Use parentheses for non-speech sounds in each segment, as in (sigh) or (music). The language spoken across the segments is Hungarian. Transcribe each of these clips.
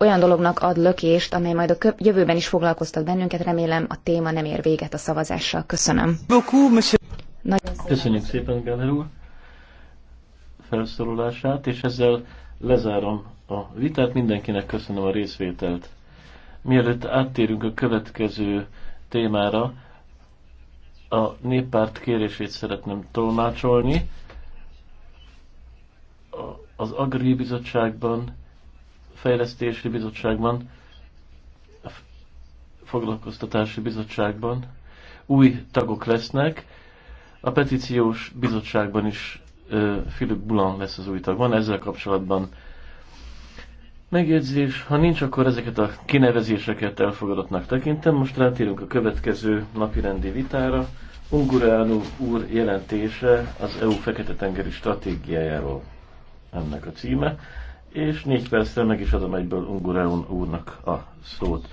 olyan dolognak ad lökést, amely majd a jövőben is foglalkoztat bennünket. Remélem a téma nem ér véget a szavazással. Köszönöm. Köszönjük szépen, Gáler úr, felszólalását, és ezzel lezárom a vitát. Mindenkinek köszönöm a részvételt. Mielőtt áttérünk a következő témára, a néppárt kérését szeretném tolmácsolni. Az Agri Bizottságban Fejlesztési Bizottságban, a Foglalkoztatási Bizottságban új tagok lesznek, a petíciós bizottságban is Philip Bulan lesz az új tag. Van ezzel kapcsolatban megjegyzés. Ha nincs, akkor ezeket a kinevezéseket elfogadottnak tekintem. Most rátérünk a következő napirendi vitára. Ungureanu úr jelentése az EU Fekete-tengeri stratégiájáról ennek a címe és négy percre meg is adom egyből Ungureun úrnak a szót.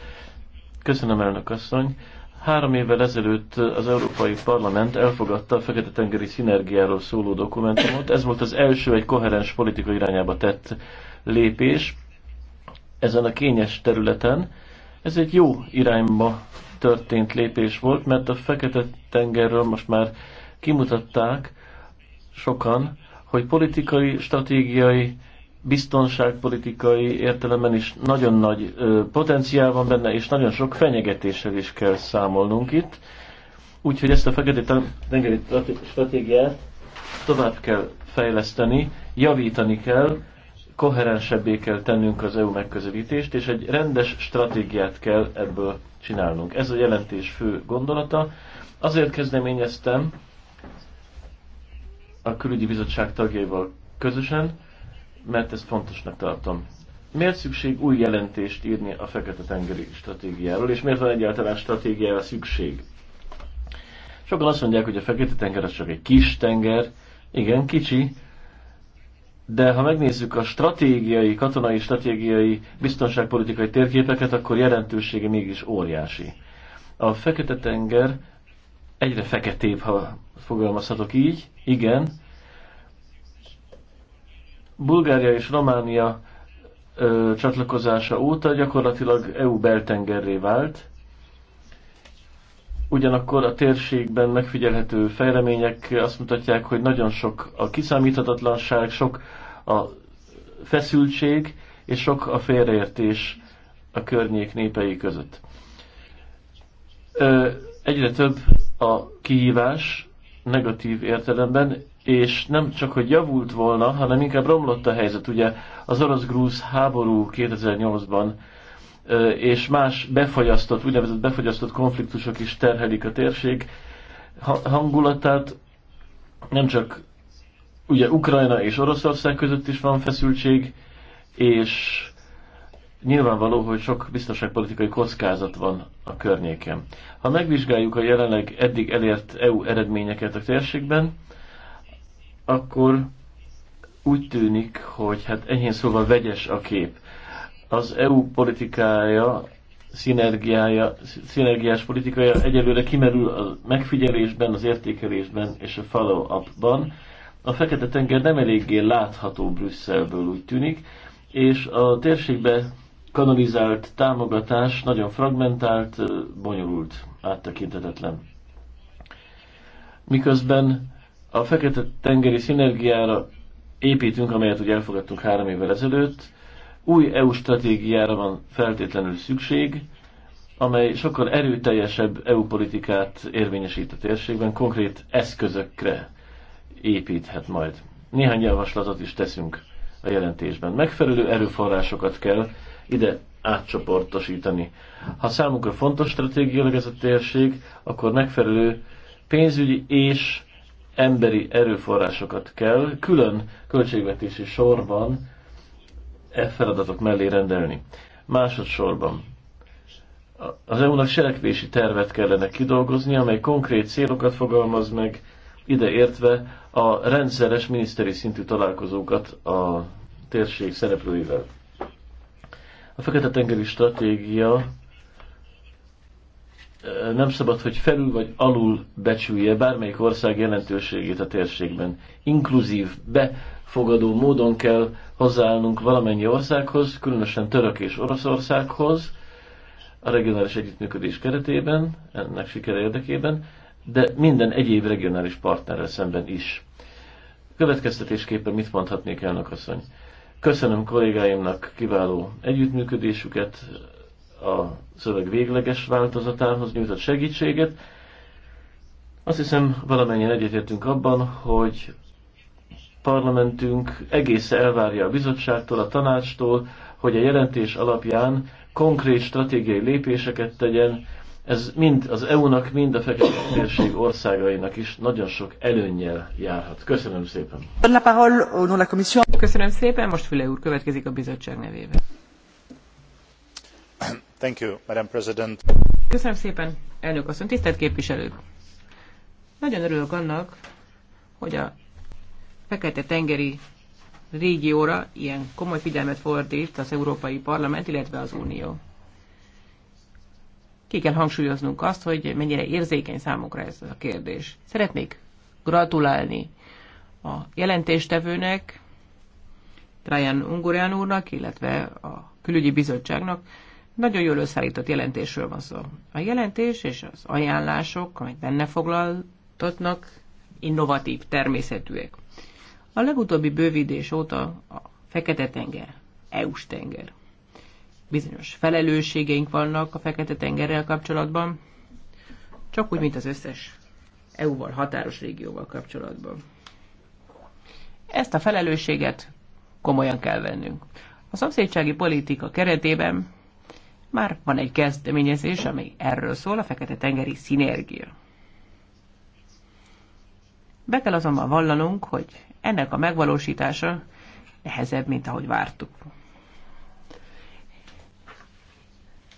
Köszönöm, elnök asszony. Három évvel ezelőtt az Európai Parlament elfogadta a Fekete-tengeri szinergiáról szóló dokumentumot. Ez volt az első egy koherens politika irányába tett lépés ezen a kényes területen. Ez egy jó irányba történt lépés volt, mert a Fekete-tengerről most már kimutatták sokan, hogy politikai, stratégiai biztonságpolitikai értelemben is nagyon nagy potenciál van benne, és nagyon sok fenyegetéssel is kell számolnunk itt. Úgyhogy ezt a fekete tengeri stratégiát tovább kell fejleszteni, javítani kell, koherensebbé kell tennünk az EU megközelítést, és egy rendes stratégiát kell ebből csinálnunk. Ez a jelentés fő gondolata. Azért kezdeményeztem a külügyi bizottság tagjaival közösen, mert ezt fontosnak tartom. Miért szükség új jelentést írni a Fekete-tengeri stratégiáról, és miért van egyáltalán stratégiára szükség? Sokan azt mondják, hogy a Fekete-tenger az csak egy kis tenger, igen, kicsi, de ha megnézzük a stratégiai, katonai, stratégiai, biztonságpolitikai térképeket, akkor jelentősége mégis óriási. A Fekete-tenger egyre feketébb, ha fogalmazhatok így, igen, Bulgária és Románia ö, csatlakozása óta gyakorlatilag EU beltengerré vált. Ugyanakkor a térségben megfigyelhető fejlemények azt mutatják, hogy nagyon sok a kiszámíthatatlanság, sok a feszültség és sok a félreértés a környék népei között. Ö, egyre több a kihívás negatív értelemben, és nem csak, hogy javult volna, hanem inkább romlott a helyzet. Ugye az orosz-grúz háború 2008-ban és más befagyasztott, úgynevezett befagyasztott konfliktusok is terhelik a térség hangulatát. Nem csak ugye Ukrajna és Oroszország között is van feszültség, és nyilvánvaló, hogy sok biztonságpolitikai kockázat van a környéken. Ha megvizsgáljuk a jelenleg eddig elért EU eredményeket a térségben, akkor úgy tűnik, hogy hát enyhén szóval vegyes a kép. Az EU politikája, szinergiája, szinergiás politikája egyelőre kimerül a megfigyelésben, az értékelésben és a follow-upban. A Fekete-tenger nem eléggé látható Brüsszelből úgy tűnik, és a térségbe kanalizált támogatás nagyon fragmentált, bonyolult, áttekintetetlen. Miközben a Fekete-tengeri szinergiára építünk, amelyet ugye elfogadtunk három évvel ezelőtt. Új EU stratégiára van feltétlenül szükség, amely sokkal erőteljesebb EU politikát érvényesít a térségben, konkrét eszközökre építhet majd. Néhány javaslatot is teszünk a jelentésben. Megfelelő erőforrásokat kell ide átcsoportosítani. Ha számunkra fontos stratégiailag ez a térség, akkor megfelelő pénzügyi és emberi erőforrásokat kell külön költségvetési sorban e feladatok mellé rendelni. Másodszorban az EU-nak cselekvési tervet kellene kidolgozni, amely konkrét célokat fogalmaz meg, ide értve a rendszeres miniszteri szintű találkozókat a térség szereplőivel. A Fekete-tengeri stratégia nem szabad, hogy felül vagy alul becsülje bármelyik ország jelentőségét a térségben. Inkluzív, befogadó módon kell hozzáállnunk valamennyi országhoz, különösen Török és Oroszországhoz, a regionális együttműködés keretében, ennek sikere érdekében, de minden egyéb regionális partnerrel szemben is. Következtetésképpen mit mondhatnék elnök asszony? Köszönöm kollégáimnak kiváló együttműködésüket, a szöveg végleges változatához nyújtott segítséget. Azt hiszem valamennyien egyetértünk abban, hogy parlamentünk egész elvárja a bizottságtól, a tanácstól, hogy a jelentés alapján konkrét stratégiai lépéseket tegyen. Ez mind az EU-nak, mind a fekete térség országainak is nagyon sok előnnyel járhat. Köszönöm szépen. Köszönöm szépen, most Füle úr következik a bizottság nevében. (coughs) Thank you, Madam President. Köszönöm szépen, elnök asszony, tisztelt képviselők! Nagyon örülök annak, hogy a Fekete-tengeri régióra ilyen komoly figyelmet fordít az Európai Parlament, illetve az Unió. Ki kell hangsúlyoznunk azt, hogy mennyire érzékeny számukra ez a kérdés. Szeretnék gratulálni a jelentéstevőnek, Trajan Ungurian úrnak, illetve a külügyi bizottságnak nagyon jól összeállított jelentésről van szó. A jelentés és az ajánlások, amit benne foglaltatnak, innovatív természetűek. A legutóbbi bővítés óta a Fekete-tenger, EU-s tenger. Bizonyos felelősségeink vannak a Fekete-tengerrel kapcsolatban, csak úgy, mint az összes EU-val határos régióval kapcsolatban. Ezt a felelősséget komolyan kell vennünk. A szomszédsági politika keretében már van egy kezdeményezés, ami erről szól, a Fekete-tengeri szinergia. Be kell azonban vallanunk, hogy ennek a megvalósítása nehezebb, mint ahogy vártuk.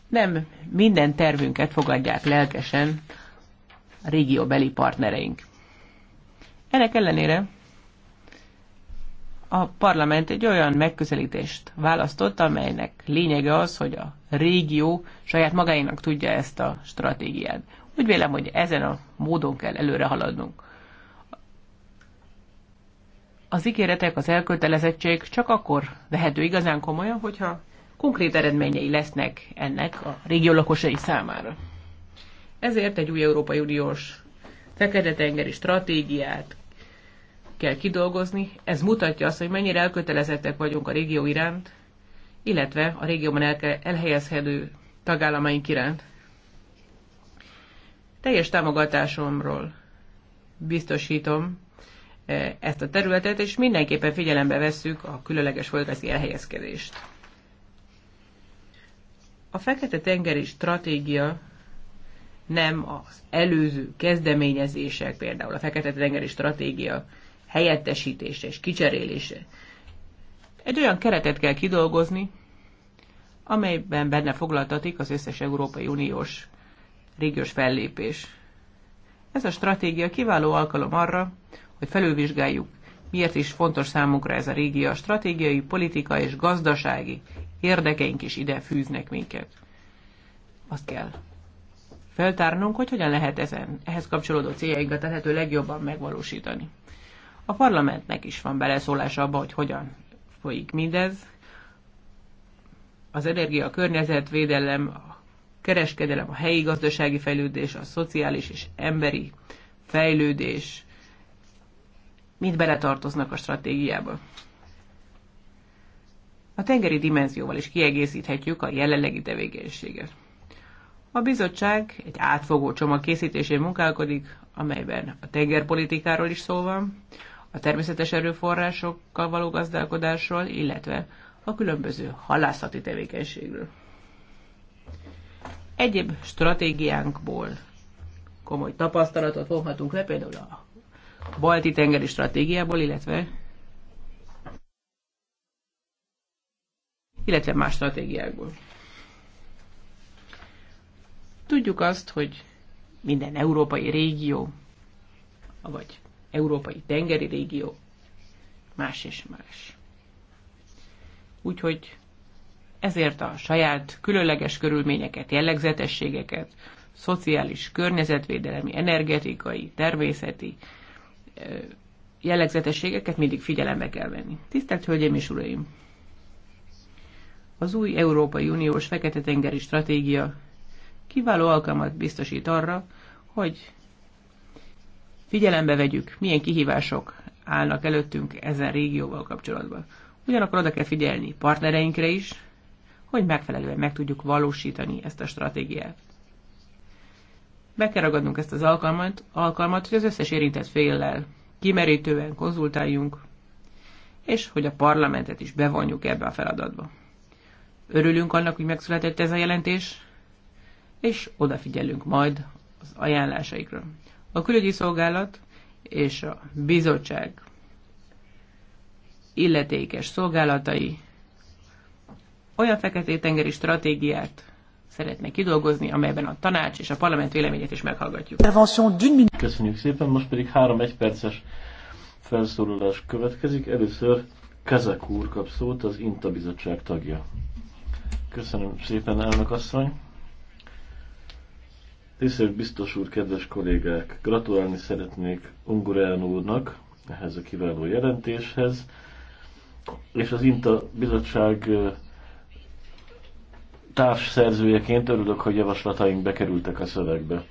Nem minden tervünket fogadják lelkesen a régióbeli partnereink. Ennek ellenére a parlament egy olyan megközelítést választott, amelynek lényege az, hogy a régió saját magáinak tudja ezt a stratégiát. Úgy vélem, hogy ezen a módon kell előre haladnunk. Az ígéretek, az elkötelezettség csak akkor vehető igazán komolyan, hogyha konkrét eredményei lesznek ennek a régió lakosai számára. Ezért egy új Európai Uniós Fekete-tengeri stratégiát kell kidolgozni. Ez mutatja azt, hogy mennyire elkötelezettek vagyunk a régió iránt, illetve a régióban elhelyezhető tagállamaink iránt. Teljes támogatásomról biztosítom e, ezt a területet, és mindenképpen figyelembe vesszük a különleges földrajzi elhelyezkedést. A Fekete-tengeri stratégia nem az előző kezdeményezések, például a Fekete-tengeri stratégia helyettesítése és kicserélése. Egy olyan keretet kell kidolgozni, amelyben benne foglaltatik az összes Európai Uniós régiós fellépés. Ez a stratégia kiváló alkalom arra, hogy felülvizsgáljuk, miért is fontos számunkra ez a régia, stratégiai, politika és gazdasági érdekeink is ide fűznek minket. Azt kell feltárnunk, hogy hogyan lehet ezen, ehhez kapcsolódó céljainkat lehető legjobban megvalósítani. A parlamentnek is van beleszólása abba, hogy hogyan folyik mindez. Az energia, a környezetvédelem, a kereskedelem, a helyi gazdasági fejlődés, a szociális és emberi fejlődés mind beletartoznak a stratégiába. A tengeri dimenzióval is kiegészíthetjük a jelenlegi tevékenységet. A bizottság egy átfogó csomag készítésén munkálkodik, amelyben a tengerpolitikáról is szó van, a természetes erőforrásokkal való gazdálkodásról, illetve a különböző halászati tevékenységről. Egyéb stratégiánkból komoly tapasztalatot foghatunk le, például a balti tengeri stratégiából, illetve illetve más stratégiákból. Tudjuk azt, hogy minden európai régió, vagy európai tengeri régió más és más. Úgyhogy ezért a saját különleges körülményeket, jellegzetességeket, szociális, környezetvédelmi, energetikai, természeti jellegzetességeket mindig figyelembe kell venni. Tisztelt Hölgyeim és Uraim! Az új Európai Uniós Fekete-tengeri stratégia kiváló alkalmat biztosít arra, hogy figyelembe vegyük, milyen kihívások állnak előttünk ezen régióval kapcsolatban. Ugyanakkor oda kell figyelni partnereinkre is, hogy megfelelően meg tudjuk valósítani ezt a stratégiát. Be kell ragadnunk ezt az alkalmat, alkalmat hogy az összes érintett féllel kimerítően konzultáljunk, és hogy a parlamentet is bevonjuk ebbe a feladatba. Örülünk annak, hogy megszületett ez a jelentés, és odafigyelünk majd az ajánlásaikra. A külügyi szolgálat és a bizottság illetékes szolgálatai olyan fekete-tengeri stratégiát szeretnék kidolgozni, amelyben a tanács és a parlament véleményét is meghallgatjuk. Köszönjük szépen, most pedig három egyperces felszólalás következik. Először Kezek úr kap szót, az INTA bizottság tagja. Köszönöm szépen, elnök asszony! Tisztelt biztos úr, kedves kollégák! Gratulálni szeretnék Ungurán úrnak ehhez a kiváló jelentéshez, és az INTA bizottság társszerzőjeként örülök, hogy javaslataink bekerültek a szövegbe.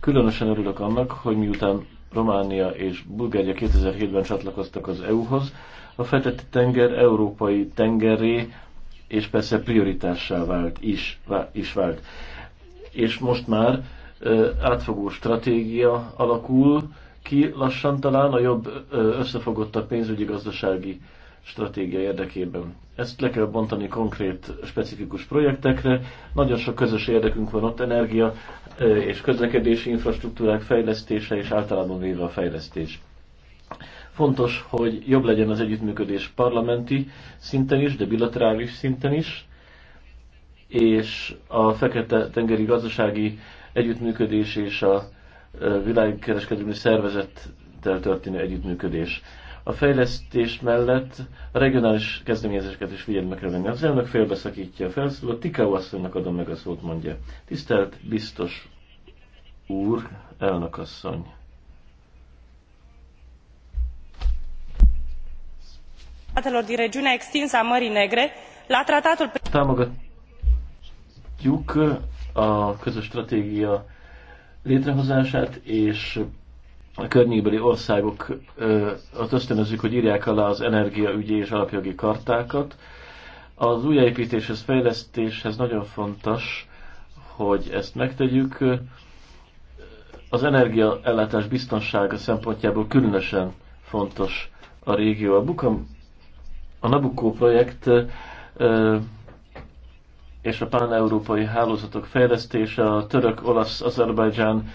Különösen örülök annak, hogy miután Románia és Bulgária 2007-ben csatlakoztak az EU-hoz, a fekete tenger európai tengeré, és persze prioritássá vált is, is vált. És most már átfogó stratégia alakul ki lassan talán a jobb összefogottabb pénzügyi gazdasági stratégia érdekében. Ezt le kell bontani konkrét, specifikus projektekre. Nagyon sok közös érdekünk van ott, energia és közlekedési infrastruktúrák fejlesztése és általában véve a fejlesztés. Fontos, hogy jobb legyen az együttműködés parlamenti szinten is, de bilaterális szinten is, és a Fekete-tengeri gazdasági együttműködés és a világkereskedelmi szervezettel történő együttműködés. A fejlesztés mellett a regionális kezdeményezéseket is figyelme kell venni. Az elnök félbeszakítja a felszóló, a Tikau asszonynak adom meg a szót, mondja. Tisztelt biztos úr, elnök asszony. Támogatjuk a közös stratégia létrehozását, és a környékbeli országok országokat ösztönözzük, hogy írják alá az energiaügyi és alapjogi kartákat. Az újjáépítéshez, fejlesztéshez nagyon fontos, hogy ezt megtegyük. Az energiaellátás biztonsága szempontjából különösen fontos a régió. A Bukam, a Nabucco projekt és a pán-európai hálózatok fejlesztése, a török, olasz, azerbajdzsán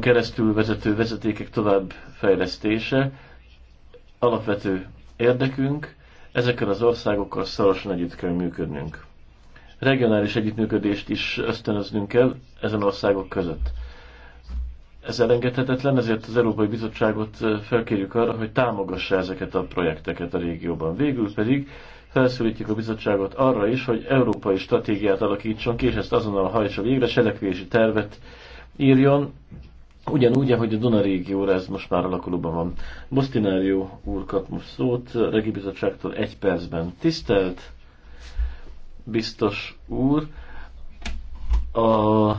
keresztül vezető vezetékek tovább fejlesztése alapvető érdekünk, ezekkel az országokkal szorosan együtt kell működnünk. Regionális együttműködést is ösztönöznünk kell ezen országok között. Ez elengedhetetlen, ezért az Európai Bizottságot felkérjük arra, hogy támogassa ezeket a projekteket a régióban. Végül pedig felszólítjuk a bizottságot arra is, hogy európai stratégiát alakítson ki, és ezt azonnal hajtsa végre, cselekvési tervet írjon, ugyanúgy, ahogy a Duna régióra ez most már alakulóban van. Bostinárió úr kap most szót, Regi Bizottságtól egy percben. Tisztelt biztos úr, a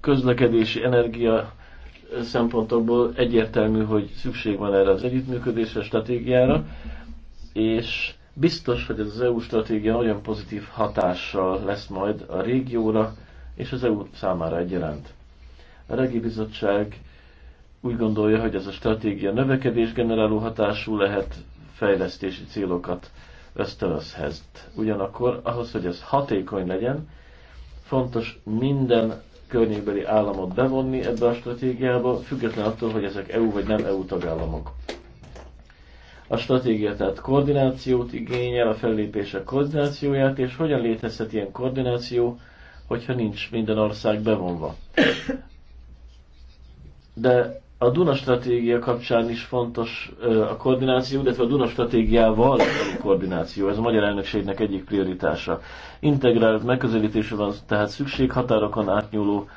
közlekedési energia szempontokból egyértelmű, hogy szükség van erre az együttműködésre, stratégiára, és Biztos, hogy ez az EU stratégia nagyon pozitív hatással lesz majd a régióra és az EU számára egyaránt. A Regi Bizottság úgy gondolja, hogy ez a stratégia növekedés generáló hatású lehet, fejlesztési célokat ösztönözhez. Ugyanakkor ahhoz, hogy ez hatékony legyen, fontos minden környékbeli államot bevonni ebbe a stratégiába, független attól, hogy ezek EU vagy nem EU tagállamok. A stratégia tehát koordinációt igényel, a fellépése koordinációját, és hogyan létezhet ilyen koordináció, hogyha nincs minden ország bevonva. De a Duna stratégia kapcsán is fontos a koordináció, illetve a Duna stratégiával való koordináció, ez a magyar elnökségnek egyik prioritása. Integrált megközelítésre van tehát szükség határokon átnyúló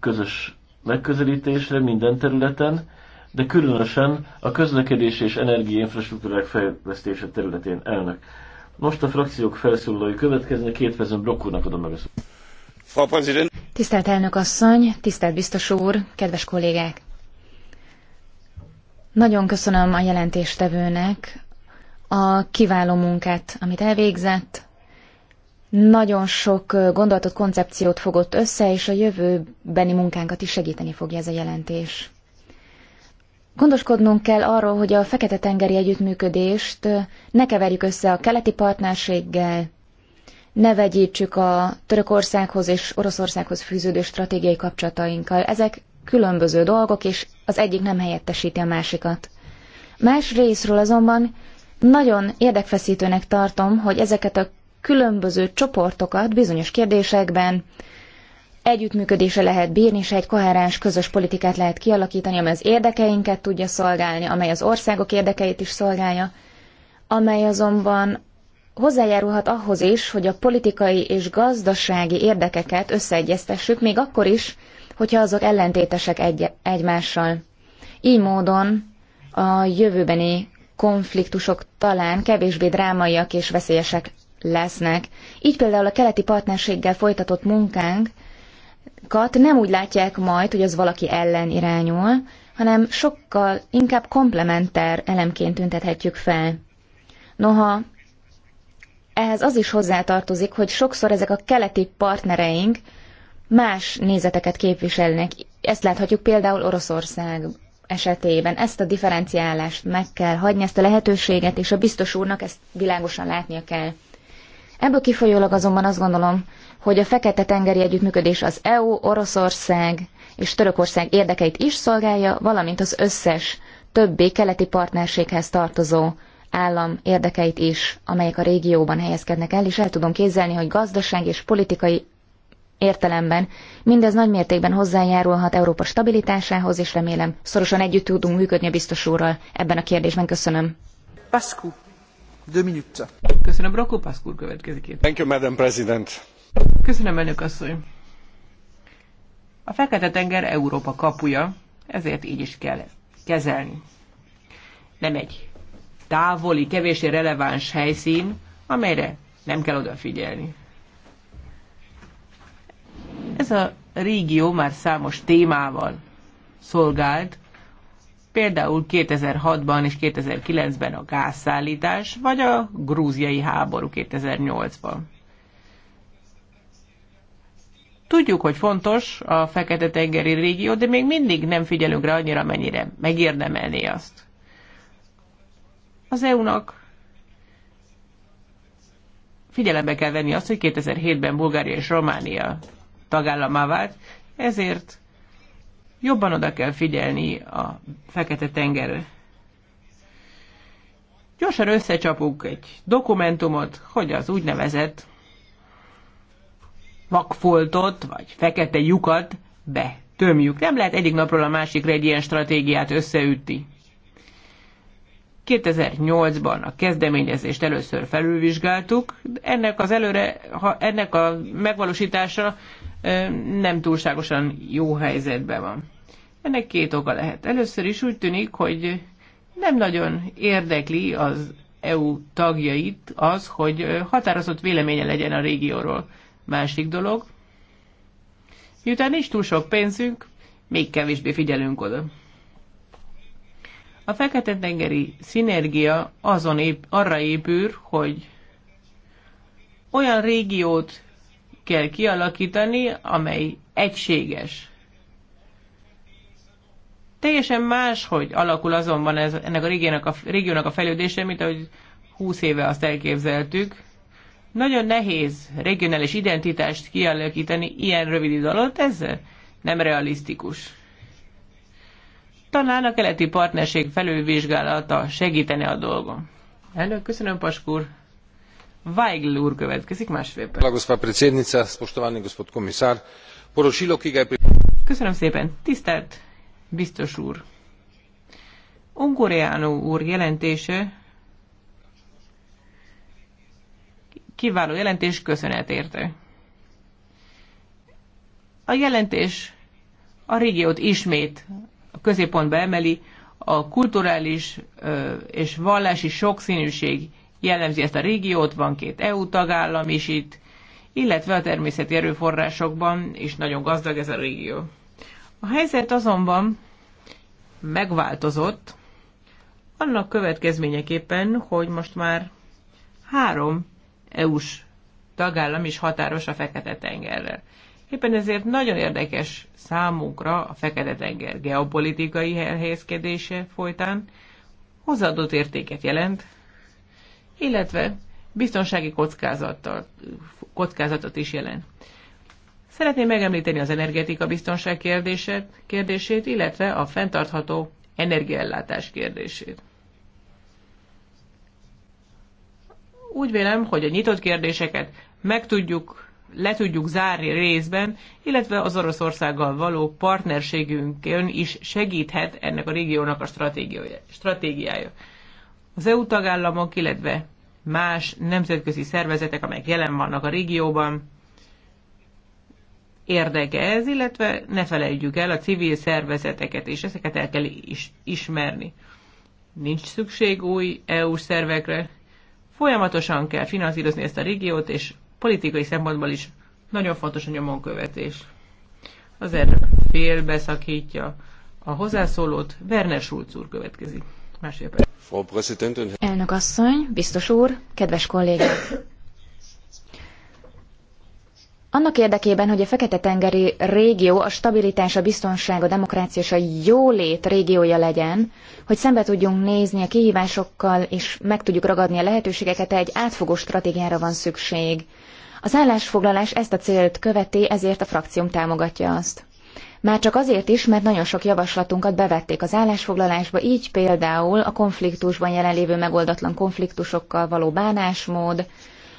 közös megközelítésre minden területen, de különösen a közlekedés és energiainfrastruktúrák fejlesztése területén elnök. Most a frakciók felszólalói következnek, két vezem Brock adom meg a szót. Tisztelt elnök asszony, tisztelt biztos úr, kedves kollégák! Nagyon köszönöm a jelentéstevőnek a kiváló munkát, amit elvégzett. Nagyon sok gondolatot, koncepciót fogott össze, és a jövőbeni munkánkat is segíteni fogja ez a jelentés. Gondoskodnunk kell arról, hogy a Fekete-tengeri együttműködést ne keverjük össze a keleti partnerséggel, ne vegyítsük a Törökországhoz és Oroszországhoz fűződő stratégiai kapcsolatainkkal. Ezek különböző dolgok, és az egyik nem helyettesíti a másikat. Más részről azonban nagyon érdekfeszítőnek tartom, hogy ezeket a különböző csoportokat bizonyos kérdésekben együttműködése lehet bírni, és egy koherens közös politikát lehet kialakítani, amely az érdekeinket tudja szolgálni, amely az országok érdekeit is szolgálja, amely azonban hozzájárulhat ahhoz is, hogy a politikai és gazdasági érdekeket összeegyeztessük, még akkor is, hogyha azok ellentétesek egy- egymással. Így módon a jövőbeni konfliktusok talán kevésbé drámaiak és veszélyesek lesznek. Így például a keleti partnerséggel folytatott munkánk nem úgy látják majd, hogy az valaki ellen irányul, hanem sokkal inkább komplementer elemként tüntethetjük fel. Noha ehhez az is hozzátartozik, hogy sokszor ezek a keleti partnereink más nézeteket képviselnek. Ezt láthatjuk például Oroszország esetében. Ezt a differenciálást meg kell hagyni, ezt a lehetőséget, és a biztos úrnak ezt világosan látnia kell. Ebből kifolyólag azonban azt gondolom, hogy a Fekete-tengeri együttműködés az EU, Oroszország és Törökország érdekeit is szolgálja, valamint az összes többi keleti partnerséghez tartozó állam érdekeit is, amelyek a régióban helyezkednek el, és el tudom képzelni, hogy gazdaság és politikai értelemben mindez nagymértékben hozzájárulhat Európa stabilitásához, és remélem szorosan együtt tudunk működni a biztos úrral ebben a kérdésben. Köszönöm. Pascu, Köszönöm, Rokó Pászkúr következik. Thank you, Madam President. Köszönöm, elnök asszony. A Fekete-tenger Európa kapuja, ezért így is kell kezelni. Nem egy távoli, kevésé releváns helyszín, amelyre nem kell odafigyelni. Ez a régió már számos témával szolgált, például 2006-ban és 2009-ben a gázszállítás, vagy a grúziai háború 2008-ban. Tudjuk, hogy fontos a Fekete-tengeri régió, de még mindig nem figyelünk rá annyira, mennyire megérdemelné azt. Az EU-nak figyelembe kell venni azt, hogy 2007-ben Bulgária és Románia tagállamá vált, ezért jobban oda kell figyelni a Fekete-tengerre. Gyorsan összecsapunk egy dokumentumot, hogy az úgynevezett vakfoltot vagy fekete lyukat tömjük. Nem lehet egyik napról a másikra egy ilyen stratégiát összeütni. 2008-ban a kezdeményezést először felülvizsgáltuk, ennek az előre, ha ennek a megvalósítása nem túlságosan jó helyzetben van. Ennek két oka lehet. Először is úgy tűnik, hogy nem nagyon érdekli az EU tagjait az, hogy határozott véleménye legyen a régióról. Másik dolog, miután nincs túl sok pénzünk, még kevésbé figyelünk oda. A Fekete-tengeri szinergia azon ép, arra épül, hogy olyan régiót kell kialakítani, amely egységes. Teljesen más, hogy alakul azonban ez, ennek a régiónak, a régiónak a fejlődése, mint ahogy 20 éve azt elképzeltük. Nagyon nehéz regionális identitást kialakítani ilyen rövid idő alatt, ez nem realisztikus. Talán a keleti partnerség felülvizsgálata segítene a dolgon. Elnök, köszönöm, Paskúr. Weigl úr következik másfél perc. Köszönöm szépen. Tisztelt biztos úr! Ungureanu úr jelentése Kiváló jelentés, köszönet érte. A jelentés a régiót ismét a középpontba emeli, a kulturális és vallási sokszínűség jellemzi ezt a régiót, van két EU tagállam is itt, illetve a természeti erőforrásokban is nagyon gazdag ez a régió. A helyzet azonban megváltozott, annak következményeképpen, hogy most már három EU-s tagállam is határos a Fekete-tengerrel. Éppen ezért nagyon érdekes számunkra a Fekete-tenger geopolitikai helyezkedése folytán hozzáadott értéket jelent, illetve biztonsági kockázatot is jelent. Szeretném megemlíteni az energetika biztonság kérdését, kérdését illetve a fenntartható energiaellátás kérdését. Úgy vélem, hogy a nyitott kérdéseket meg tudjuk, le tudjuk zárni részben, illetve az Oroszországgal való partnerségünkön is segíthet ennek a régiónak a stratégiája. Az EU tagállamok, illetve más nemzetközi szervezetek, amelyek jelen vannak a régióban, érdeke ez, illetve ne felejtjük el a civil szervezeteket, és ezeket el kell is, ismerni. Nincs szükség új EU-s szervekre, Folyamatosan kell finanszírozni ezt a régiót, és politikai szempontból is nagyon fontos a nyomonkövetés. Azért félbeszakítja a hozzászólót. Werner Schulz úr következik. Másfél perc. Elnök asszony, biztos úr, kedves kollégák! Annak érdekében, hogy a Fekete-tengeri régió a stabilitás, a biztonság, a demokrácia és a jólét régiója legyen, hogy szembe tudjunk nézni a kihívásokkal és meg tudjuk ragadni a lehetőségeket, egy átfogó stratégiára van szükség. Az állásfoglalás ezt a célt követi, ezért a frakcióm támogatja azt. Már csak azért is, mert nagyon sok javaslatunkat bevették az állásfoglalásba, így például a konfliktusban jelenlévő megoldatlan konfliktusokkal való bánásmód,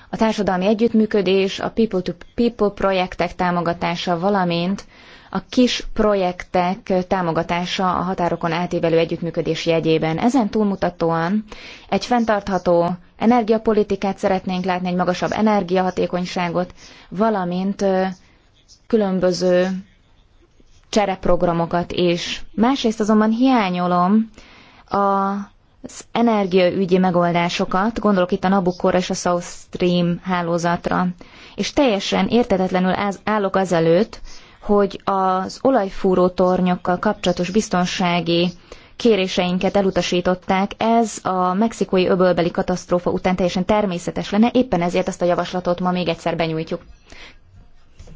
a társadalmi együttműködés, a people-to-people projektek támogatása, valamint a kis projektek támogatása a határokon átívelő együttműködés jegyében. Ezen túlmutatóan egy fenntartható energiapolitikát szeretnénk látni, egy magasabb energiahatékonyságot, valamint különböző csereprogramokat is. Másrészt azonban hiányolom a az energiaügyi megoldásokat, gondolok itt a nabukor és a South Stream hálózatra, és teljesen értetetlenül állok azelőtt, hogy az olajfúró tornyokkal kapcsolatos biztonsági kéréseinket elutasították, ez a mexikói öbölbeli katasztrófa után teljesen természetes lenne, éppen ezért ezt a javaslatot ma még egyszer benyújtjuk.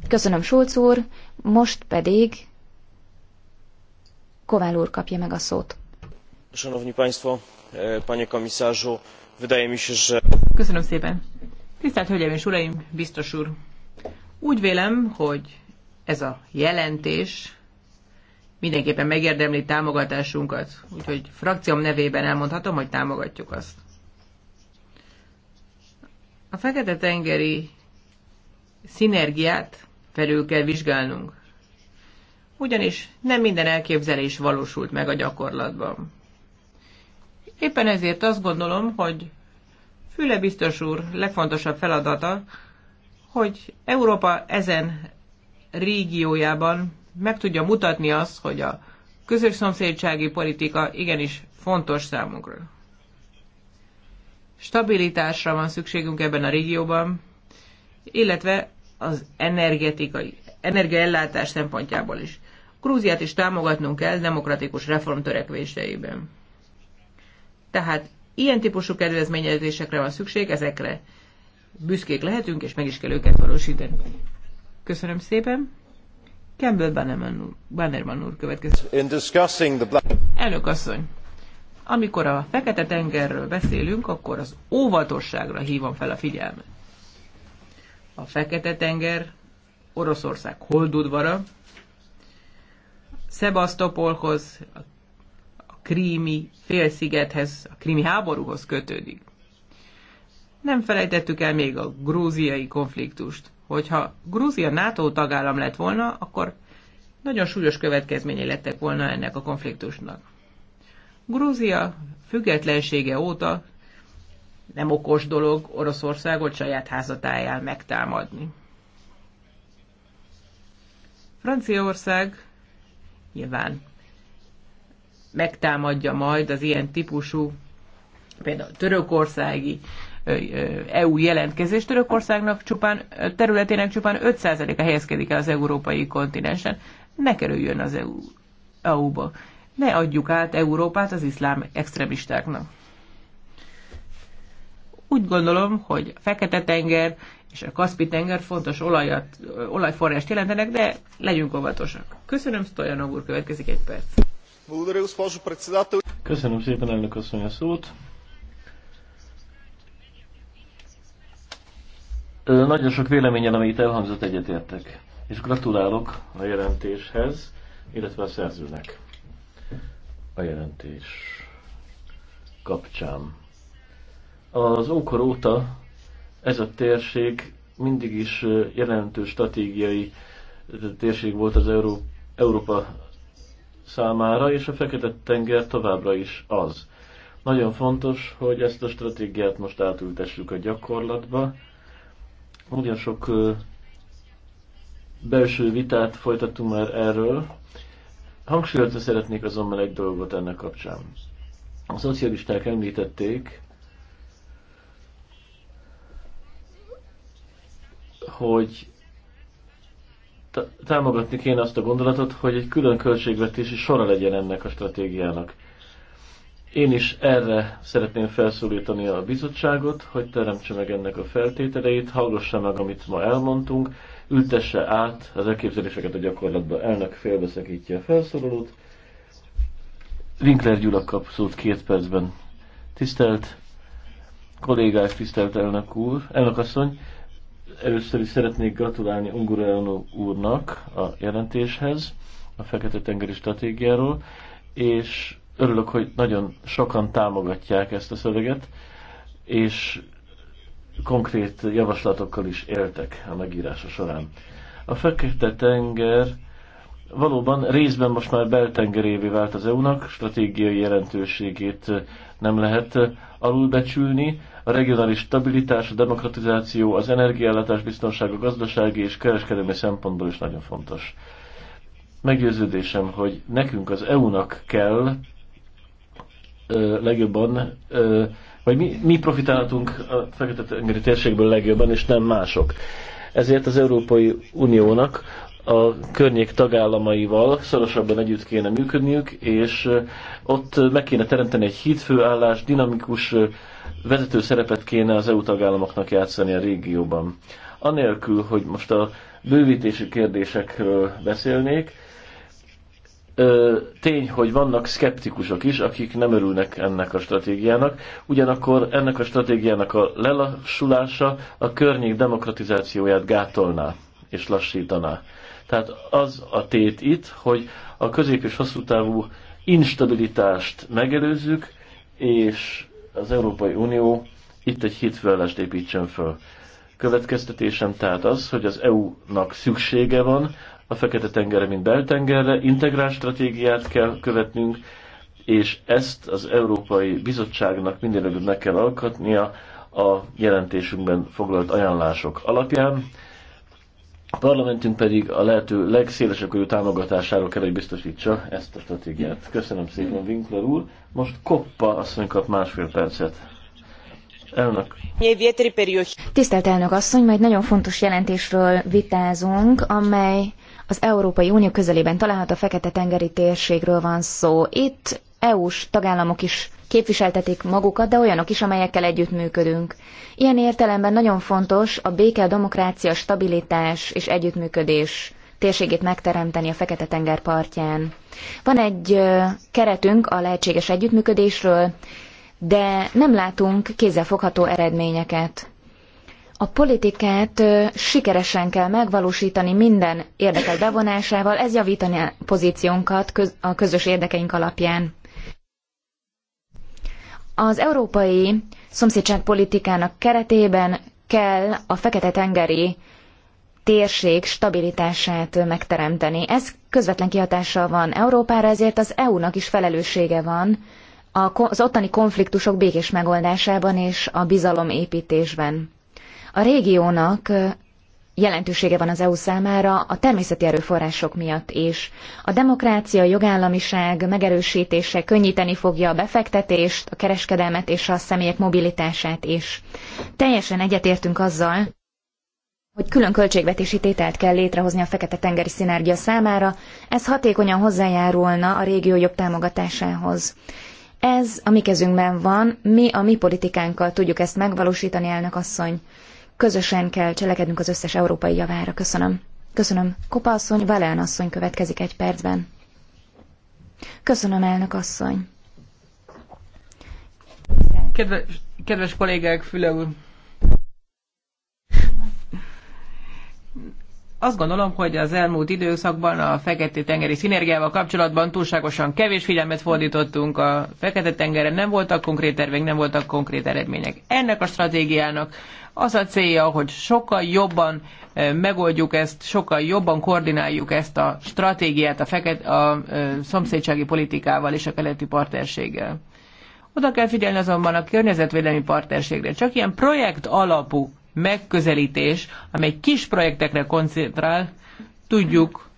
Köszönöm, Schulz úr, most pedig Kovál úr kapja meg a szót. E, szépen. Tisztelt Hölgyeim és Uraim, biztos úr! Úgy vélem, hogy ez a jelentés mindenképpen megérdemli támogatásunkat, úgyhogy frakcióm nevében elmondhatom, hogy támogatjuk azt. A Fekete-tengeri szinergiát felül kell vizsgálnunk. Ugyanis nem minden elképzelés valósult meg a gyakorlatban. Éppen ezért azt gondolom, hogy Füle biztos úr legfontosabb feladata, hogy Európa ezen régiójában meg tudja mutatni azt, hogy a közös szomszédsági politika igenis fontos számunkra. Stabilitásra van szükségünk ebben a régióban, illetve az energetikai, energiaellátás szempontjából is. Grúziát is támogatnunk kell demokratikus reformtörekvéseiben. Tehát ilyen típusú kedvezményezésekre van szükség, ezekre büszkék lehetünk, és meg is kell őket valósítani. Köszönöm szépen. Campbell Bannerman úr, Bannerman úr következik. Elnök asszony, amikor a Fekete-tengerről beszélünk, akkor az óvatosságra hívom fel a figyelmet. A Fekete-tenger Oroszország holdudvara, Szebasztopolhoz, a krími félszigethez, a krími háborúhoz kötődik. Nem felejtettük el még a grúziai konfliktust. Hogyha Grúzia NATO tagállam lett volna, akkor nagyon súlyos következményei lettek volna ennek a konfliktusnak. Grúzia függetlensége óta nem okos dolog Oroszországot saját házatáján megtámadni. Franciaország nyilván megtámadja majd az ilyen típusú, például törökországi EU jelentkezés. Törökországnak csupán, területének csupán 5%-a helyezkedik el az európai kontinensen. Ne kerüljön az EU, EU-ba. Ne adjuk át Európát az iszlám extremistáknak. Úgy gondolom, hogy a Fekete-tenger és a Kaspi-tenger fontos olajat, olajforrást jelentenek, de legyünk óvatosak. Köszönöm, Stojanov úr, következik egy perc. Köszönöm szépen, elnök asszony a szót. Nagyon sok véleményen, amit elhangzott, egyetértek. És gratulálok a jelentéshez, illetve a szerzőnek a jelentés kapcsán. Az ókor óta ez a térség mindig is jelentős stratégiai térség volt az Európa számára, és a Fekete-tenger továbbra is az. Nagyon fontos, hogy ezt a stratégiát most átültessük a gyakorlatba. Ugyan sok belső vitát folytattunk már erről. Hangsúlyozni szeretnék azonban egy dolgot ennek kapcsán. A szocialisták említették, hogy támogatni kéne azt a gondolatot, hogy egy külön költségvetési sora legyen ennek a stratégiának. Én is erre szeretném felszólítani a bizottságot, hogy teremtse meg ennek a feltételeit, hallgassa meg, amit ma elmondtunk, ültesse át az elképzeléseket a gyakorlatba. Elnök félbeszakítja a felszólalót. Winkler Gyula kap szót két percben. Tisztelt kollégák, tisztelt elnök úr, elnök asszony, Először is szeretnék gratulálni Ungureanu úrnak a jelentéshez, a Fekete-tengeri stratégiáról, és örülök, hogy nagyon sokan támogatják ezt a szöveget, és konkrét javaslatokkal is éltek a megírása során. A Fekete-tenger valóban részben most már beltengerévé vált az EU-nak, stratégiai jelentőségét nem lehet alulbecsülni, a regionális stabilitás, a demokratizáció, az energiállátás biztonság, a gazdasági és kereskedelmi szempontból is nagyon fontos. Meggyőződésem, hogy nekünk az EU-nak kell ö, legjobban, ö, vagy mi, mi profitálhatunk a Fekete-tengeri térségből legjobban, és nem mások. Ezért az Európai Uniónak a környék tagállamaival szorosabban együtt kéne működniük, és ott meg kéne teremteni egy hídfőállás, dinamikus vezető szerepet kéne az EU tagállamoknak játszani a régióban. Anélkül, hogy most a bővítési kérdésekről beszélnék, tény, hogy vannak szkeptikusok is, akik nem örülnek ennek a stratégiának, ugyanakkor ennek a stratégiának a lelassulása a környék demokratizációját gátolná és lassítaná. Tehát az a tét itt, hogy a közép és hosszú távú instabilitást megelőzzük, és az Európai Unió itt egy hitvállalást építsen föl. Következtetésem tehát az, hogy az EU-nak szüksége van a Fekete-tengerre, mint beltengerre, integrál stratégiát kell követnünk, és ezt az Európai Bizottságnak mindenütt meg kell alkotnia a jelentésünkben foglalt ajánlások alapján. A parlamentünk pedig a lehető legszélesebb körű támogatásáról kell, hogy biztosítsa ezt a stratégiát. Köszönöm szépen, Winkler úr. Most Koppa asszony kap másfél percet. Elnök. Tisztelt elnök asszony, majd nagyon fontos jelentésről vitázunk, amely az Európai Unió közelében található Fekete-tengeri térségről van szó. Itt EU-s tagállamok is képviseltetik magukat, de olyanok is, amelyekkel együttműködünk. Ilyen értelemben nagyon fontos a béke, a demokrácia, stabilitás és együttműködés térségét megteremteni a Fekete-tenger partján. Van egy keretünk a lehetséges együttműködésről, de nem látunk kézzelfogható eredményeket. A politikát sikeresen kell megvalósítani minden érdekel bevonásával, ez javítani a pozíciónkat a közös érdekeink alapján. Az európai szomszédságpolitikának keretében kell a Fekete-tengeri térség stabilitását megteremteni. Ez közvetlen kihatással van Európára, ezért az EU-nak is felelőssége van az ottani konfliktusok békés megoldásában és a bizalomépítésben. A régiónak jelentősége van az EU számára a természeti erőforrások miatt is. A demokrácia, a jogállamiság megerősítése könnyíteni fogja a befektetést, a kereskedelmet és a személyek mobilitását is. Teljesen egyetértünk azzal, hogy külön költségvetési tételt kell létrehozni a Fekete-tengeri szinergia számára, ez hatékonyan hozzájárulna a régió jobb támogatásához. Ez a mi kezünkben van, mi a mi politikánkkal tudjuk ezt megvalósítani, elnök asszony. Közösen kell cselekednünk az összes európai javára. Köszönöm. Köszönöm. Kopa asszony, Valen asszony következik egy percben. Köszönöm, elnök asszony. Kedves, kedves kollégák, Füle úr. Azt gondolom, hogy az elmúlt időszakban a Fekete-tengeri szinergiával kapcsolatban túlságosan kevés figyelmet fordítottunk. A Fekete-tengeren nem voltak konkrét tervek, nem voltak konkrét eredmények. Ennek a stratégiának az a célja, hogy sokkal jobban eh, megoldjuk ezt, sokkal jobban koordináljuk ezt a stratégiát a, feket, a eh, szomszédsági politikával és a keleti partnerséggel. Oda kell figyelni azonban a környezetvédelmi partnerségre. Csak ilyen projekt alapú megközelítés, amely kis projektekre koncentrál, tudjuk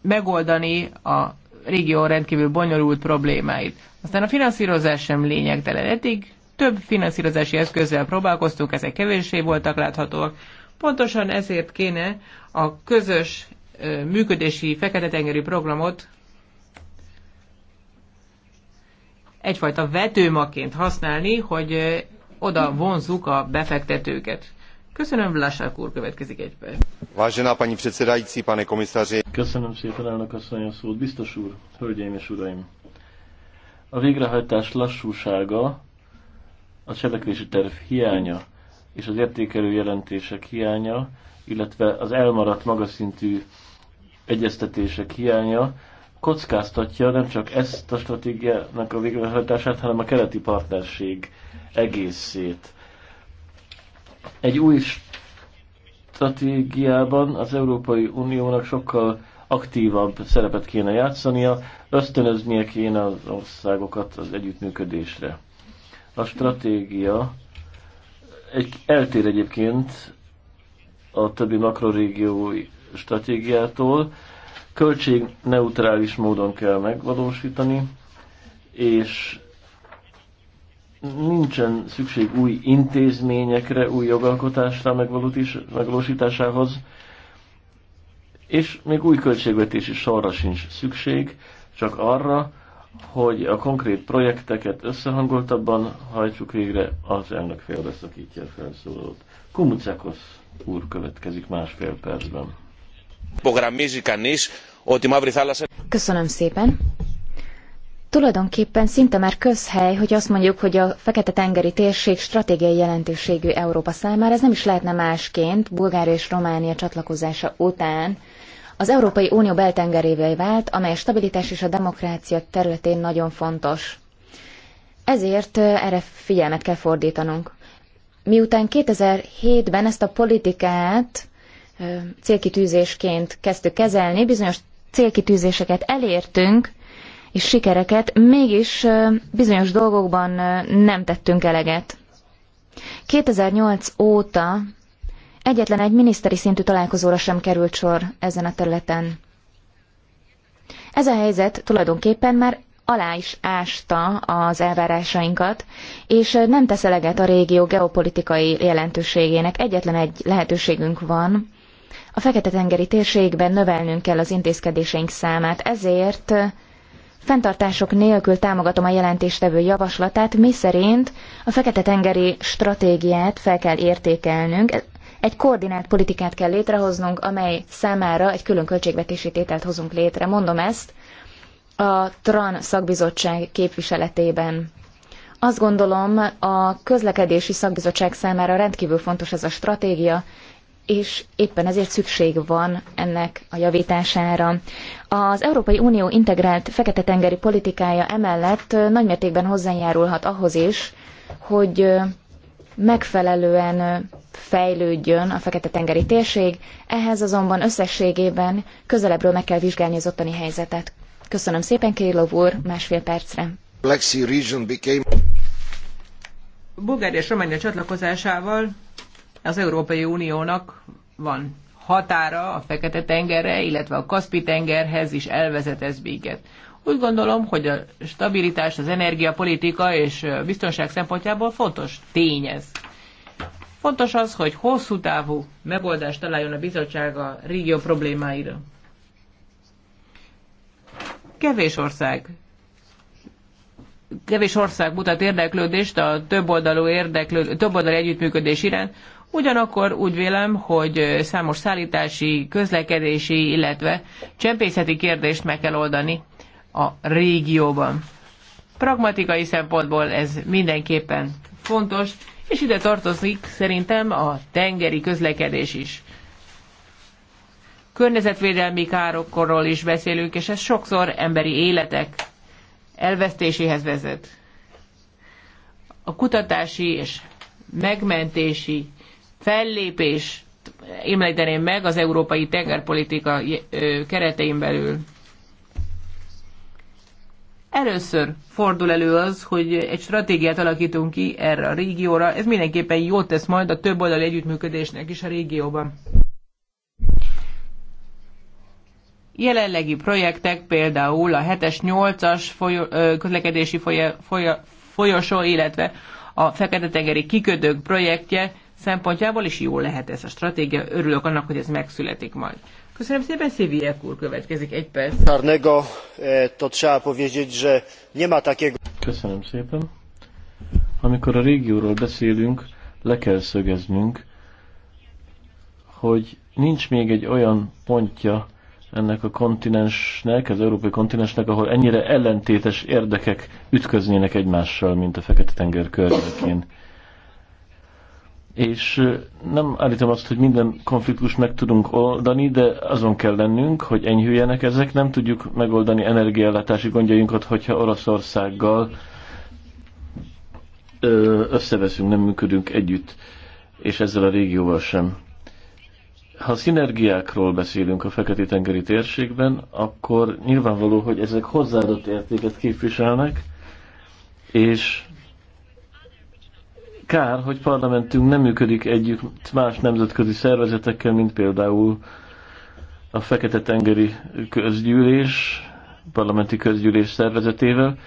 megoldani a régió rendkívül bonyolult problémáit. Aztán a finanszírozás sem lényegtelen. Eddig több finanszírozási eszközzel próbálkoztunk, ezek kevéssé voltak láthatóak. Pontosan ezért kéne a közös működési fekete-tengeri programot egyfajta vetőmaként használni, hogy oda vonzuk a befektetőket. Köszönöm, Vlasák úr, következik egy perc. Vážená pani předsedající, pane komisaři. Köszönöm szépen, elnök asszony a szót. Biztos úr, hölgyeim és uraim. A végrehajtás lassúsága a cselekvési terv hiánya és az értékelő jelentések hiánya, illetve az elmaradt magaszintű egyeztetések hiánya kockáztatja nem csak ezt a stratégiának a végrehajtását, hanem a keleti partnerség egészét. Egy új stratégiában az Európai Uniónak sokkal aktívabb szerepet kéne játszania, ösztönöznie kéne az országokat az együttműködésre a stratégia egy, eltér egyébként a többi makrorégiói stratégiától. neutrális módon kell megvalósítani, és nincsen szükség új intézményekre, új jogalkotásra megvalósításához, és még új költségvetési sorra sincs szükség, csak arra, hogy a konkrét projekteket összehangoltabban hajtsuk végre, az elnök félbeszakítja a felszólalót. Kumucekosz úr következik másfél percben. Köszönöm szépen. Tulajdonképpen szinte már közhely, hogy azt mondjuk, hogy a Fekete-tengeri térség stratégiai jelentőségű Európa számára, ez nem is lehetne másként Bulgária és Románia csatlakozása után, az Európai Unió beltengerévé vált, amely a stabilitás és a demokrácia területén nagyon fontos. Ezért erre figyelmet kell fordítanunk. Miután 2007-ben ezt a politikát célkitűzésként kezdtük kezelni, bizonyos célkitűzéseket elértünk, és sikereket, mégis bizonyos dolgokban nem tettünk eleget. 2008 óta Egyetlen egy miniszteri szintű találkozóra sem került sor ezen a területen. Ez a helyzet tulajdonképpen már alá is ásta az elvárásainkat, és nem tesz eleget a régió geopolitikai jelentőségének. Egyetlen egy lehetőségünk van. A Fekete-tengeri térségben növelnünk kell az intézkedéseink számát, ezért fenntartások nélkül támogatom a jelentéstevő javaslatát, miszerint a Fekete-tengeri stratégiát fel kell értékelnünk. Egy koordinált politikát kell létrehoznunk, amely számára egy külön költségvetési tételt hozunk létre. Mondom ezt a TRAN szakbizottság képviseletében. Azt gondolom, a közlekedési szakbizottság számára rendkívül fontos ez a stratégia, és éppen ezért szükség van ennek a javítására. Az Európai Unió integrált fekete-tengeri politikája emellett nagymértékben hozzájárulhat ahhoz is, hogy megfelelően fejlődjön a Fekete-tengeri térség, ehhez azonban összességében közelebbről meg kell vizsgálni az ottani helyzetet. Köszönöm szépen, Kirillov úr, másfél percre. Bulgária és Románia csatlakozásával az Európai Uniónak van határa a Fekete-tengerre, illetve a Kaspi-tengerhez is elvezet ez véget. Úgy gondolom, hogy a stabilitás, az energiapolitika és biztonság szempontjából fontos tény ez. Fontos az, hogy hosszú távú megoldást találjon a bizottság a régió problémáira. Kevés ország kevés ország mutat érdeklődést a többoldalú érdeklő, többoldalú együttműködés iránt, ugyanakkor úgy vélem, hogy számos szállítási, közlekedési, illetve csempészeti kérdést meg kell oldani a régióban. Pragmatikai szempontból ez mindenképpen fontos, és ide tartozik szerintem a tengeri közlekedés is. Környezetvédelmi károkról is beszélünk, és ez sokszor emberi életek elvesztéséhez vezet. A kutatási és megmentési fellépés említeném meg az európai tengerpolitika keretein belül. Először fordul elő az, hogy egy stratégiát alakítunk ki erre a régióra. Ez mindenképpen jót tesz majd a több oldali együttműködésnek is a régióban. Jelenlegi projektek például a 7-es, 8-as közlekedési folya, folya, folyosó, illetve a Fekete-tengeri kikötők projektje szempontjából is jó lehet ez a stratégia. Örülök annak, hogy ez megszületik majd. Köszönöm szépen, Széviek úr következik egy perc. Karnego, e, to trzeba powiedzieć, że nie ma takiego... Köszönöm szépen. Amikor a régióról beszélünk, le kell szögeznünk, hogy nincs még egy olyan pontja ennek a kontinensnek, az európai kontinensnek, ahol ennyire ellentétes érdekek ütköznének egymással, mint a Fekete-tenger környékén és nem állítom azt, hogy minden konfliktust meg tudunk oldani, de azon kell lennünk, hogy enyhüljenek ezek. Nem tudjuk megoldani energiállátási gondjainkat, hogyha Oroszországgal összeveszünk, nem működünk együtt, és ezzel a régióval sem. Ha szinergiákról beszélünk a Fekete-tengeri térségben, akkor nyilvánvaló, hogy ezek hozzáadott értéket képviselnek, és Kár, hogy parlamentünk nem működik együtt más nemzetközi szervezetekkel, mint például a Fekete-tengeri közgyűlés, parlamenti közgyűlés szervezetével.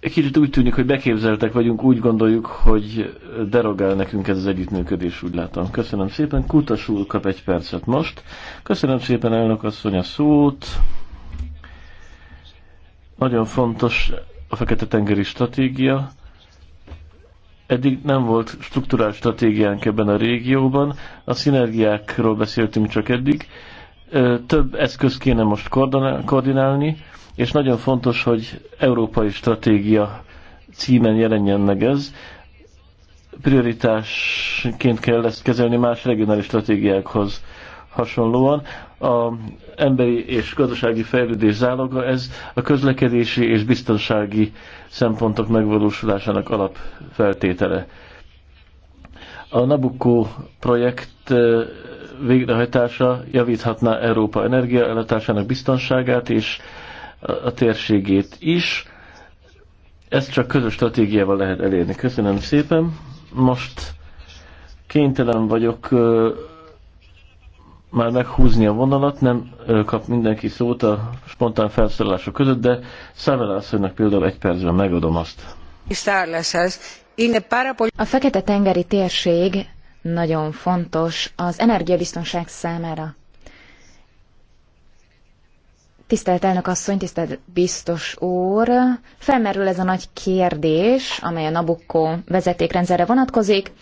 Kicsit úgy tűnik, hogy beképzeltek vagyunk, úgy gondoljuk, hogy derogál nekünk ez az együttműködés, úgy látom. Köszönöm szépen. Kutasul kap egy percet most. Köszönöm szépen, elnök asszony, a szót. Nagyon fontos a Fekete-tengeri stratégia Eddig nem volt strukturális stratégiánk ebben a régióban, a szinergiákról beszéltünk csak eddig. Több eszköz kéne most koordinálni, és nagyon fontos, hogy európai stratégia címen jelenjen meg ez. Prioritásként kell ezt kezelni más regionális stratégiákhoz hasonlóan a emberi és gazdasági fejlődés záloga, ez a közlekedési és biztonsági szempontok megvalósulásának alapfeltétele. A Nabucco projekt végrehajtása javíthatná Európa energiaellátásának biztonságát és a térségét is. Ezt csak közös stratégiával lehet elérni. Köszönöm szépen. Most kénytelen vagyok már meghúzni a vonalat, nem kap mindenki szót a spontán felszólások között, de Szávela például egy percben megadom azt. A Fekete-tengeri térség nagyon fontos az energiabiztonság számára. Tisztelt elnök asszony, tisztelt biztos úr, felmerül ez a nagy kérdés, amely a Nabukko vezetékrendszerre vonatkozik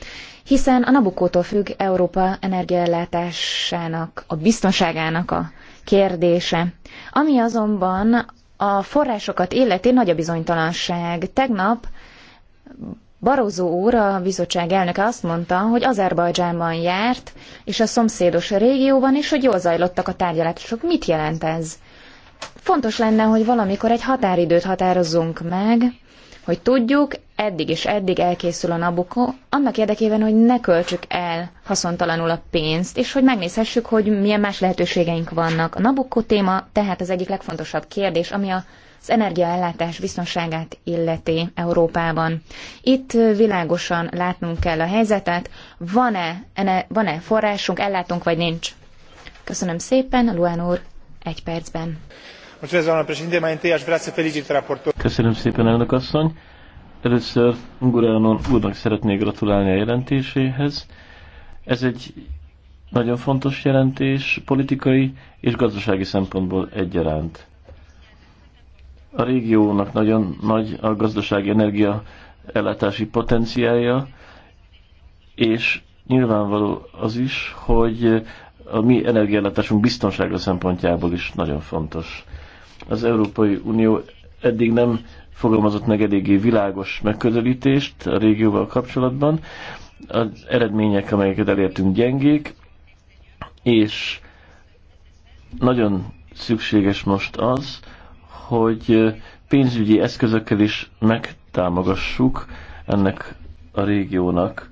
hiszen a Nabukótól függ Európa energiaellátásának, a biztonságának a kérdése. Ami azonban a forrásokat illeti nagy a bizonytalanság. Tegnap Barozó úr, a bizottság elnöke azt mondta, hogy Azerbajdzsánban járt, és a szomszédos régióban is, hogy jól zajlottak a tárgyalások. Mit jelent ez? Fontos lenne, hogy valamikor egy határidőt határozzunk meg, hogy tudjuk, eddig és eddig elkészül a Nabucco, annak érdekében, hogy ne költsük el haszontalanul a pénzt, és hogy megnézhessük, hogy milyen más lehetőségeink vannak. A Nabucco téma tehát az egyik legfontosabb kérdés, ami a az energiaellátás biztonságát illeti Európában. Itt világosan látnunk kell a helyzetet, van-e, van-e forrásunk, ellátunk vagy nincs. Köszönöm szépen, Luán úr, egy percben. Köszönöm szépen, elnök asszony. Először Unguránon úrnak szeretnék gratulálni a jelentéséhez. Ez egy nagyon fontos jelentés politikai és gazdasági szempontból egyaránt. A régiónak nagyon nagy a gazdasági energia ellátási potenciálja, és nyilvánvaló az is, hogy a mi energiállátásunk biztonsága szempontjából is nagyon fontos az Európai Unió eddig nem fogalmazott meg eléggé világos megközelítést a régióval kapcsolatban. Az eredmények, amelyeket elértünk, gyengék, és nagyon szükséges most az, hogy pénzügyi eszközökkel is megtámogassuk ennek a régiónak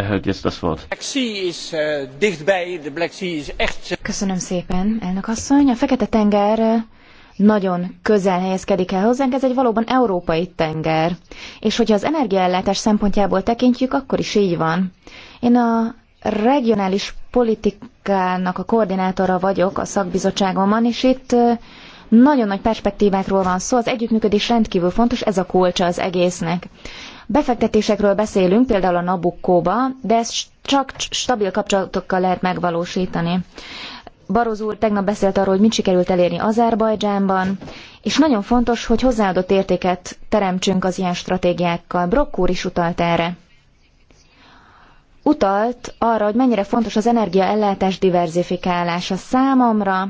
a eh, Köszönöm szépen, elnök asszony. A Fekete-tenger eh, nagyon közel helyezkedik el hozzánk, ez egy valóban európai tenger. És hogyha az energiaellátás szempontjából tekintjük, akkor is így van. Én a regionális politikának a koordinátora vagyok a szakbizottságomban, és itt eh, nagyon nagy perspektívákról van szó, az együttműködés rendkívül fontos, ez a kulcsa az egésznek. Befektetésekről beszélünk, például a Nabukkóba, de ezt csak stabil kapcsolatokkal lehet megvalósítani. Barozó úr tegnap beszélt arról, hogy mit sikerült elérni Azerbajdzsánban, és nagyon fontos, hogy hozzáadott értéket teremtsünk az ilyen stratégiákkal. Brokk úr is utalt erre. Utalt arra, hogy mennyire fontos az energiaellátás diverzifikálása számomra.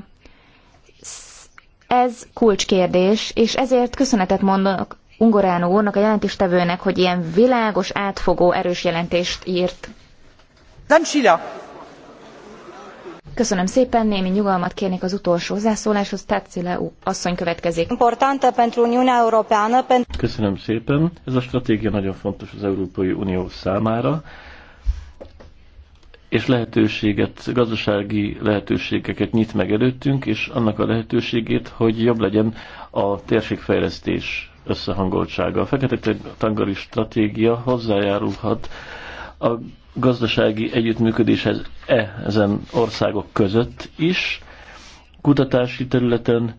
Ez kulcskérdés, és ezért köszönetet mondok Ungoránó úrnak, a jelentéstevőnek, hogy ilyen világos, átfogó, erős jelentést írt. Dancsila! Köszönöm szépen, némi nyugalmat kérnék az utolsó zászóláshoz. Tetszile asszony következik. Importantă pentru Uniunea Europeană. Köszönöm szépen. Ez a stratégia nagyon fontos az Európai Unió számára és lehetőséget, gazdasági lehetőségeket nyit meg előttünk, és annak a lehetőségét, hogy jobb legyen a térségfejlesztés összehangoltsága. A Fekete-tengeri stratégia hozzájárulhat a gazdasági együttműködéshez e, ezen országok között is, kutatási területen,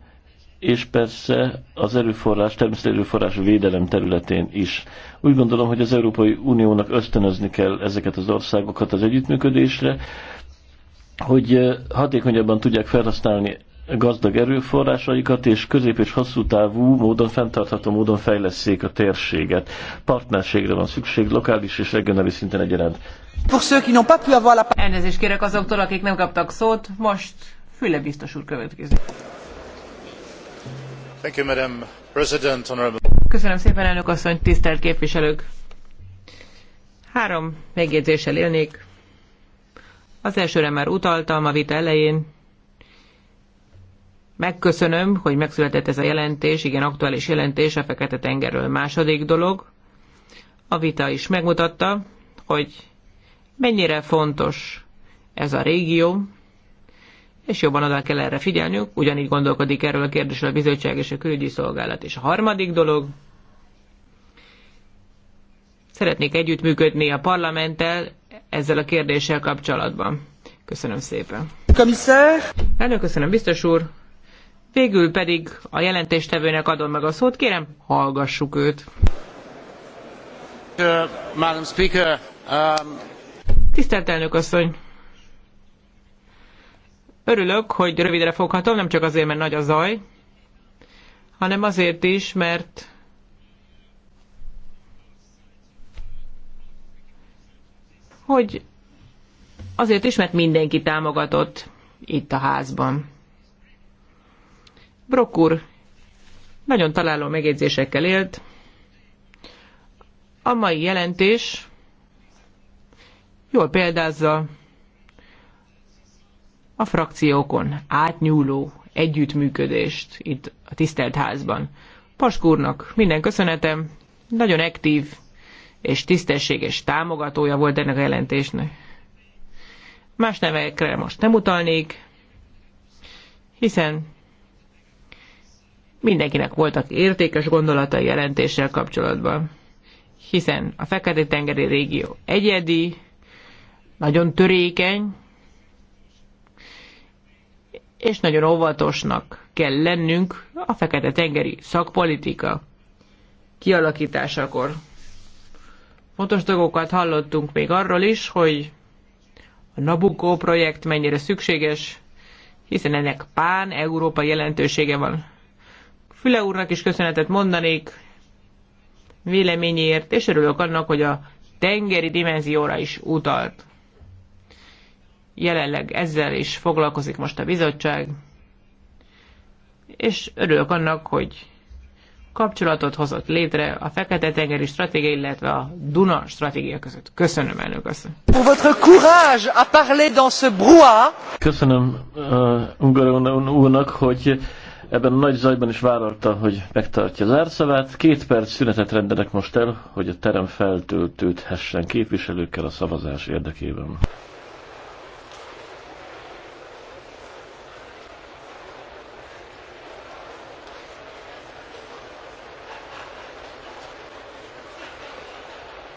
és persze az erőforrás, természeti erőforrás védelem területén is. Úgy gondolom, hogy az Európai Uniónak ösztönözni kell ezeket az országokat az együttműködésre, hogy eh, hatékonyabban tudják felhasználni gazdag erőforrásaikat, és közép- és hosszú távú módon, fenntartható módon fejleszék a térséget. Partnerségre van szükség lokális és regionális szinten egyaránt. Elnézést kérek azoktól, akik nem kaptak szót. Most Füle biztos úr következik. Köszönöm szépen, elnök asszony, tisztelt képviselők! Három megjegyzéssel élnék. Az elsőre már utaltam a vita elején, Megköszönöm, hogy megszületett ez a jelentés, igen, aktuális jelentés a Fekete-tengerről. Második dolog, a vita is megmutatta, hogy mennyire fontos ez a régió, és jobban oda kell erre figyelnünk, ugyanígy gondolkodik erről a kérdésről a bizottság és a külügyi szolgálat. És a harmadik dolog, szeretnék együttműködni a parlamenttel ezzel a kérdéssel kapcsolatban. Köszönöm szépen. Elnök, köszönöm, biztos úr! Végül pedig a jelentéstevőnek adom meg a szót, kérem, hallgassuk őt. Uh, Madam Speaker, um... Tisztelt elnök asszony! Örülök, hogy rövidre foghatom, nem csak azért, mert nagy a zaj, hanem azért is, mert hogy azért is, mert mindenki támogatott itt a házban. Brock úr nagyon találó megjegyzésekkel élt. A mai jelentés jól példázza a frakciókon átnyúló együttműködést itt a tisztelt házban. Paskúrnak minden köszönetem, nagyon aktív és tisztességes támogatója volt ennek a jelentésnek. Más nevekre most nem utalnék, hiszen Mindenkinek voltak értékes gondolatai jelentéssel kapcsolatban, hiszen a Fekete-tengeri régió egyedi, nagyon törékeny, és nagyon óvatosnak kell lennünk a Fekete-tengeri szakpolitika kialakításakor. Fontos dolgokat hallottunk még arról is, hogy a Nabucco projekt mennyire szükséges, hiszen ennek pán-európa jelentősége van. Füle úrnak is köszönetet mondanék véleményéért, és örülök annak, hogy a tengeri dimenzióra is utalt. Jelenleg ezzel is foglalkozik most a bizottság, és örülök annak, hogy kapcsolatot hozott létre a Fekete-tengeri stratégia, illetve a Duna stratégia között. Köszönöm, elnök Pour votre courage à parler dans ce brouhaha. Köszönöm uh, úrnak, hogy ebben a nagy zajban is vállalta, hogy megtartja zárszavát. Két perc szünetet rendelek most el, hogy a terem feltöltődhessen képviselőkkel a szavazás érdekében.